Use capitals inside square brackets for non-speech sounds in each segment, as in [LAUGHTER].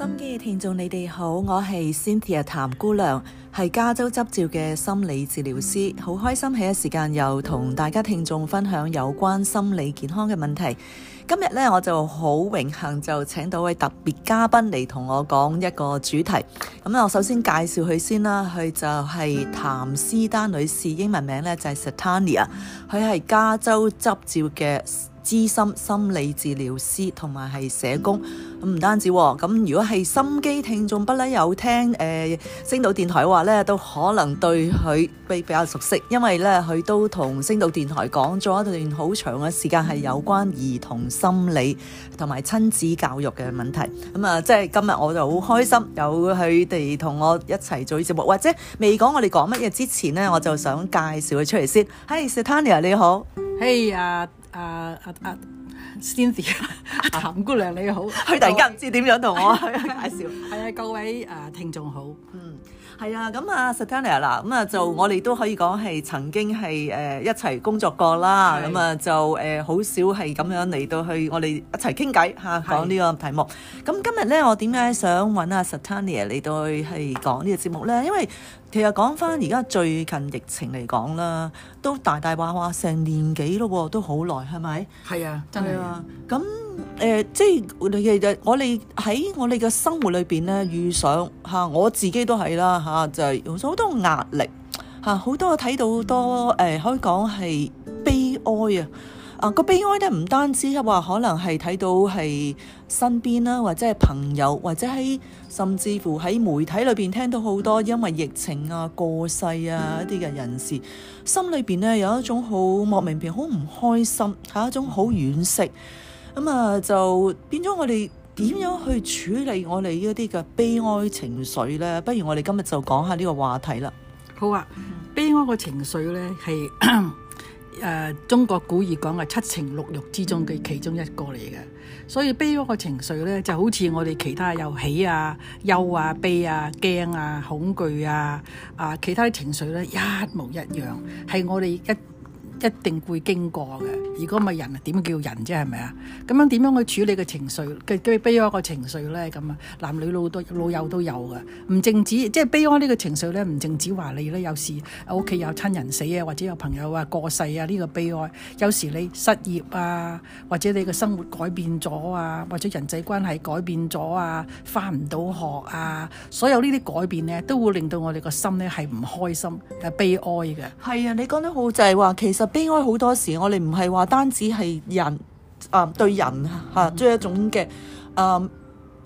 親愛嘅聽眾你哋好，我係 Cynthia 譚姑娘，係加州執照嘅心理治療師，好開心喺呢時間又同大家聽眾分享有關心理健康嘅問題。今日呢，我就好榮幸就請到位特別嘉賓嚟同我講一個主題。咁我首先介紹佢先啦，佢就係譚斯丹女士，英文名呢就係 Satania。佢係加州執照嘅資深心理治療師同埋係社工。唔單止，咁如果係心機聽眾不嬲有聽，誒、呃、星島電台話咧，都可能對佢比比較熟悉，因為咧佢都同星島電台講咗一段好長嘅時間，係有關兒童心理同埋親子教育嘅問題。咁、嗯、啊，即係今日我就好開心，有佢哋同我一齊做節目。或者未講我哋講乜嘢之前呢，我就想介紹佢出嚟先。Hey，Stanya，你好。Hey，啊。阿先至啊，譚 Cynthia, [LAUGHS] 姑娘你好。佢突然間唔位知點樣同我介紹，係啊， [LAUGHS] [LAUGHS] 各位誒聽眾好，嗯。係啊，咁啊 Satania 啦咁啊就、嗯、我哋都可以講係曾經係誒、呃、一齊工作過啦，咁啊是就誒好、呃、少係咁樣嚟到去我哋一齊傾偈嚇講呢個題目。咁是今日咧，我點解想揾阿 Satania 嚟到去係講呢個節目咧？因為其實講翻而家最近疫情嚟講啦，都大大話話成年幾咯喎，都好耐係咪？係啊，真係啊，咁。誒、呃，即係我哋其實我哋喺我哋嘅生活裏面咧，遇上、啊、我自己都係啦就係、是、好多壓力好、啊、多睇到多誒、呃，可以講係悲哀啊啊個悲哀咧，唔單止係話可能係睇到係身邊啦，或者係朋友，或者喺甚至乎喺媒體裏面聽到好多因為疫情啊過世啊一啲嘅人士，心裏面咧有一種好莫名片好唔開心，係一種好惋惜。咁啊，那就變咗我哋點樣去處理我哋一啲嘅悲哀情緒咧？不如我哋今日就講下呢個話題啦。好啊，嗯、悲哀嘅情緒咧係誒中國古語講嘅七情六欲之中嘅其中一個嚟嘅，所以悲哀嘅情緒咧就好似我哋其他又喜啊、憂啊、悲啊、驚啊、恐懼啊、啊其他嘅情緒咧一模一樣，係我哋一一定會經過嘅，如果唔係人點叫人啫？係咪啊？咁樣點樣去處理個情緒？嘅悲哀個情緒呢？咁啊，男女老都老友都有嘅。唔淨止即係悲哀呢個情緒呢？唔淨止話你呢，有時喺屋企有親人死啊，或者有朋友啊過世啊呢個悲哀。有時你失業啊，或者你個生活改變咗啊，或者人際關係改變咗啊，翻唔到學啊，所有呢啲改變呢，都會令到我哋個心呢係唔開心、係悲哀嘅。係啊，你講得好，就係話其實。悲哀好多時，我哋唔係話單止係人啊對人嚇，即、啊、係、就是、一種嘅誒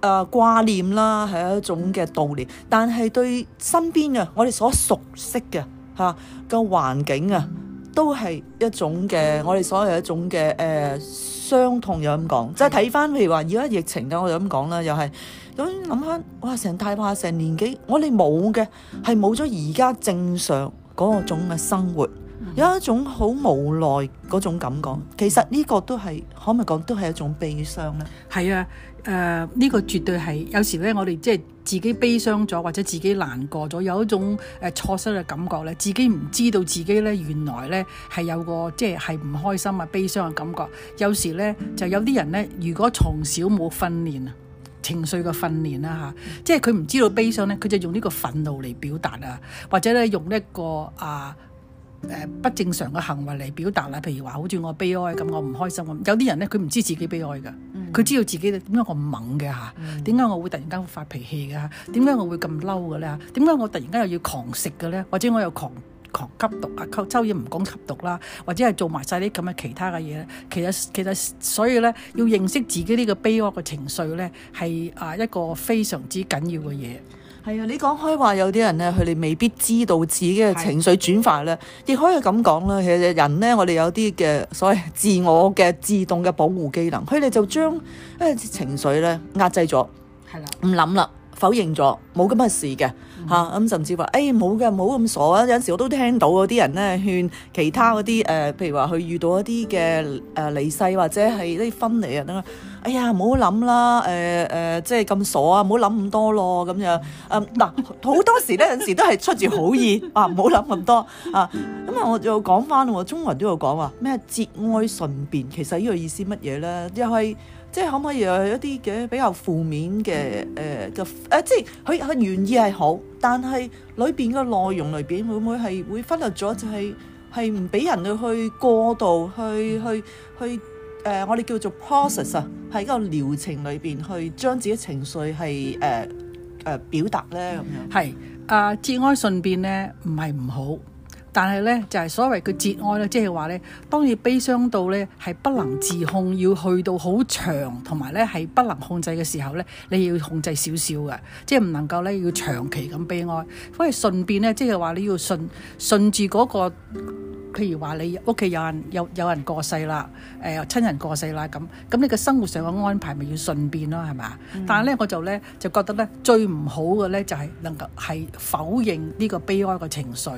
誒掛念啦，係一種嘅悼念。但係對身邊嘅我哋所熟悉嘅嚇嘅環境啊，都係一種嘅我哋所謂一種嘅誒、啊、傷痛。又咁講，即係睇返譬如話而家疫情咧，我哋咁講啦，又係諗諗翻，哇！成大怕成年紀，我哋冇嘅係冇咗而家正常嗰種嘅生活。有一種好無奈嗰種感覺，其實呢個都係可唔可以講都係一種悲傷咧。係啊，誒，呢個絕對係有時咧，我哋即係自己悲傷咗或者自己難過咗，有一種誒錯失嘅感覺咧，自己唔知道自己咧原來咧係有個即係係唔開心啊、悲傷嘅感覺。有時咧就有啲人咧，如果從小冇訓練啊，情緒嘅訓練啦吓，即係佢唔知道悲傷咧，佢就用呢個憤怒嚟表達啊，或者咧用呢個啊。誒、呃、不正常嘅行為嚟表達啦，譬如話好似我悲哀咁，我唔開心咁。有啲人咧，佢唔知自己悲哀嘅，佢、mm hmm. 知道自己點解我咁猛嘅嚇，點解、mm hmm. 我會突然間發脾氣嘅嚇，點解我會咁嬲嘅咧嚇，點解我突然間又要狂食嘅咧，或者我又狂狂吸毒啊？今週唔講吸毒啦，或者係做埋晒啲咁嘅其他嘅嘢咧。其實其實所以咧，要認識自己呢個悲哀嘅情緒咧，係啊一個非常之緊要嘅嘢。係啊，你講開話有啲人咧，佢哋未必知道自己嘅情緒轉化咧，亦的可以咁講啦。其實人咧，我哋有啲嘅所謂自我嘅自動嘅保護機能，佢哋就將誒情緒咧壓制咗，係啦的，唔諗啦，否認咗，冇咁嘅事嘅吓。咁、嗯啊、甚至話誒冇嘅，冇、哎、咁傻啊！有陣時我都聽到嗰啲人咧勸其他嗰啲誒，譬如話佢遇到一啲嘅誒離世或者係啲分離啊啊。哎呀，唔好諗啦，誒誒，即係咁傻啊！唔好諗咁多咯，咁樣，嗯嗱，好多時咧，有時都係出自好意，啊，唔好諗咁多，啊，咁啊，我就講翻咯，中文都有講話咩節哀順變，其實呢個意思乜嘢咧？又係即係可唔可以有一啲嘅比較負面嘅誒嘅誒？即係佢佢原意係好，但係裏邊嘅內容裏邊會唔會係會忽略咗？就係係唔俾人去過度去去去。誒、呃，我哋叫做 process 啊，喺一個療程裏邊去將自己情緒係誒誒表達咧咁樣。係啊、呃，節哀順變咧，唔係唔好，但係咧就係、是、所謂嘅節哀咧，即係話咧，當你悲傷到咧係不能自控，要去到好長同埋咧係不能控制嘅時候咧，你要控制少少嘅，即係唔能夠咧要長期咁悲哀。所以順變咧，即係話你要順順住嗰、那個。譬如話你屋企有人有有人過世啦，誒、呃、親人過世啦咁，咁你嘅生活上嘅安排咪要順便咯，係咪？嗯、但係咧我就咧就覺得咧最唔好嘅咧就係、是、能夠係否認呢個悲哀嘅情緒。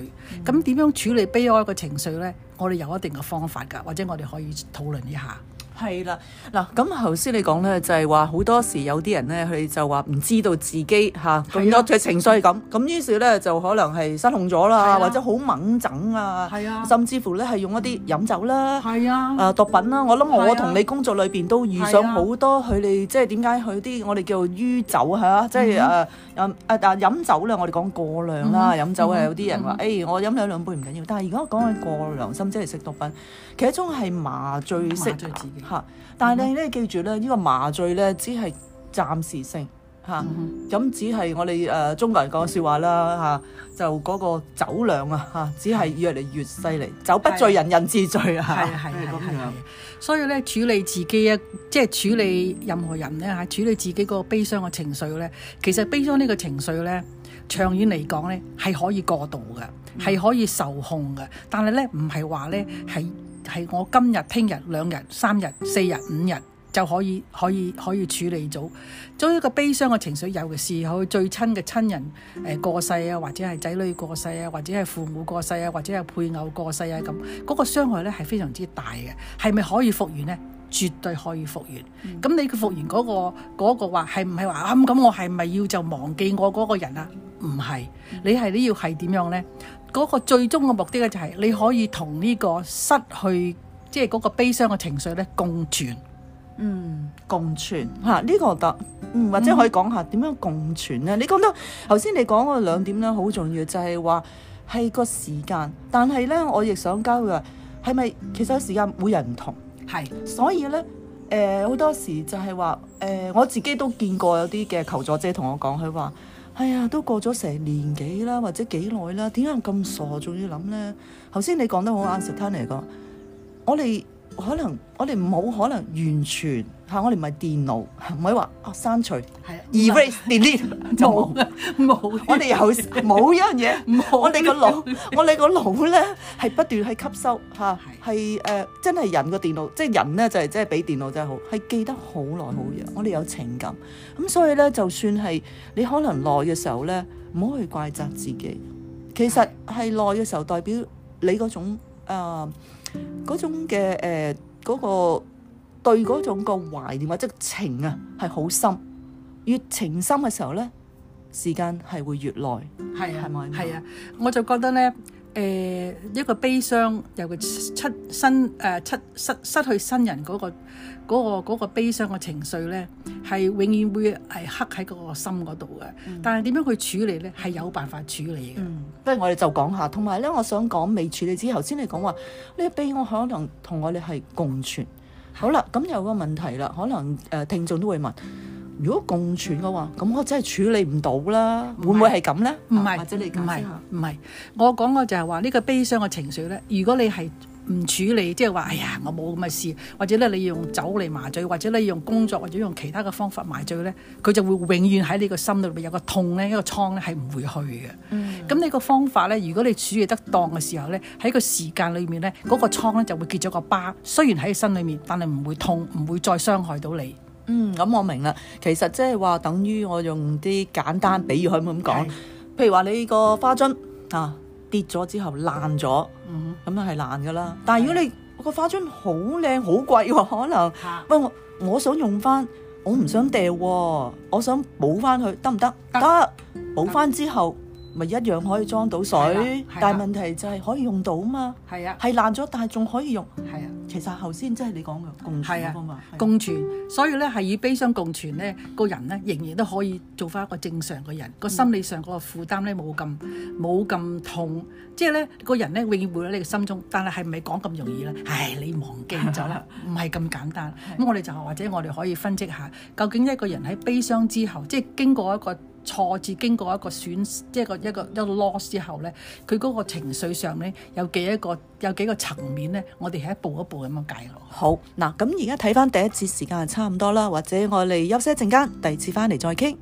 咁點、嗯、樣處理悲哀嘅情緒咧？我哋有一定嘅方法㗎，或者我哋可以討論一下。係啦，嗱咁頭先你講咧，就係話好多時有啲人咧，佢就話唔知道自己嚇咁多情緒咁，咁於是咧就可能係失控咗啦，或者好猛整啊，甚至乎咧係用一啲飲酒啦，啊毒品啦。我諗我同你工作裏邊都遇上好多佢哋，即係點解佢啲我哋叫做酗酒嚇，即係誒飲但飲酒咧，我哋講過量啦，飲酒係有啲人話誒我飲兩兩杯唔緊要，但係如果講緊過量，甚至係食毒品，其中係麻醉自己。嚇！但係咧，嗯、哼記住咧，呢、這個麻醉咧，只係暫時性嚇。咁、啊嗯、哼只係我哋誒、呃、中國人講個説話啦嚇、啊，就嗰個酒量啊嚇，只係越嚟越犀利，嗯、哼酒不醉人人自醉啊！係啊係，所以咧，處理自己啊，即係處理任何人咧，係處理自己嗰個悲傷嘅情緒咧。其實悲傷呢個情緒咧，長遠嚟講咧，係可以過渡嘅，係、嗯、可以受控嘅。但係咧，唔係話咧係。嗯係我今日、聽日、兩日、三日、四日、五日就可以、可以、可以處理咗。咗一個悲傷嘅情緒，尤其係佢最親嘅親人誒過世啊，或者係仔女過世啊，或者係父母過世啊，或者係配偶過世啊咁，嗰、那個傷害呢係非常之大嘅。係咪可以復原呢？絕對可以復原。咁、嗯、你佢復原嗰、嗰個嗰、嗰個話係唔係話啊咁？係咪我係咪要就忘記我嗰個人啊？唔係，你係你要係點樣呢？嗰、那個最終嘅目的咧，就係你可以同呢個失去，即係嗰個悲傷嘅情緒咧共存。嗯，共存嚇，呢、啊這個得。嗯，嗯或者可以講下點樣共存呢？你覺得？頭先，你講嗰兩點咧，好重要就係話係個時間。但係呢，我亦想交流，係咪其實個時間每人唔同？係、嗯，所以呢，誒、呃、好多時就係話，誒、呃、我自己都見過有啲嘅求助者同我講，佢話。哎呀，都過咗成年幾啦，或者幾耐啦，點解咁傻仲要諗咧？頭先你講得好啱，石灘嚟講，我哋。可能我哋冇可能完全吓、啊，我哋唔係電腦，唔、啊、可以話啊刪除，係 erase delete 就冇冇有。沒沒我哋有冇一樣嘢？沒有我哋個腦，沒有我哋個腦咧係不斷去吸收吓，係、啊、誒、啊、真係人個電腦，即係人咧就係即係比電腦真係好，係記得好耐好長。嗯、我哋有情感，咁所以咧就算係你可能耐嘅時候咧，唔好、嗯、去怪責自己。其實係耐嘅時候代表你嗰種、啊嗰種嘅誒，嗰、呃嗰個對嗰種個懷念或者情啊，係好深，越情深嘅時候咧，時間係會越耐，係咪？係啊，我就覺得咧。誒、呃、一個悲傷，由佢、呃、失失去新人嗰、那個嗰、那個那個、悲傷嘅情緒咧，係、嗯、永遠會係刻喺嗰個心嗰度嘅。嗯、但係點樣去處理咧？係有辦法處理嘅、嗯。不如我哋就講下，同埋咧，我想講未處理之後先嚟講話，呢個悲哀可能同我哋係共存。的好啦，咁有個問題啦，可能誒、呃、聽眾都會問。如果共存嘅話，咁、嗯、我真係處理唔到啦。唔係會唔會係咁咧？唔係，唔係，啊，唔係。我講嘅就係話呢個悲傷嘅情緒咧。如果你係唔處理，即係話，哎呀，我冇咁嘅事，或者咧你要用酒嚟麻醉，或者咧用工作或者用其他嘅方法麻醉咧，佢就會永遠喺你個心裏面有個痛咧，一個瘡咧，係唔會去嘅。嗯。咁你個方法咧，如果你處理得當嘅時候咧，喺個時間裏面咧，嗰、嗰個瘡咧就會結咗個疤。雖然喺你心裏面，但係唔會痛，唔會再傷害到你。嗯，咁、嗯嗯、我明啦。其實即係話，等於我用啲簡單比喻去咁講，是譬如話你個花樽啊跌咗之後爛咗，咁啊係爛噶啦。的但係如果你個花樽好靚好貴喎，可能餵、啊、我我想用翻，我唔想掉、啊，的我想補翻佢得唔得？得行補翻之後咪一樣可以裝到水。但係問題就係可以用到啊嘛。係啊的，係爛咗，但係仲可以用。係啊。其實頭先即係你講嘅共存啊是共存，所以咧係以悲傷共存咧，個人咧仍然都可以做翻一個正常嘅人，嗯、個心理上個負擔咧冇咁冇咁痛，即係咧個人咧永遠活喺你嘅心中，但係係咪講咁容易咧？唉、哎，你忘記咗啦，唔係咁簡單。咁 [LAUGHS] 我哋就或者我哋可以分析一下，究竟一個人喺悲傷之後，即係經過一個。挫折，經過一個損，即係個一個一個個 loss 之後呢，佢嗰個情緒上呢，有幾一個有幾個層面呢，我哋係一步一步咁樣解。好，嗱，咁而家睇翻第一次時間係差唔多啦，或者我哋休息一陣間，第二次翻嚟再傾。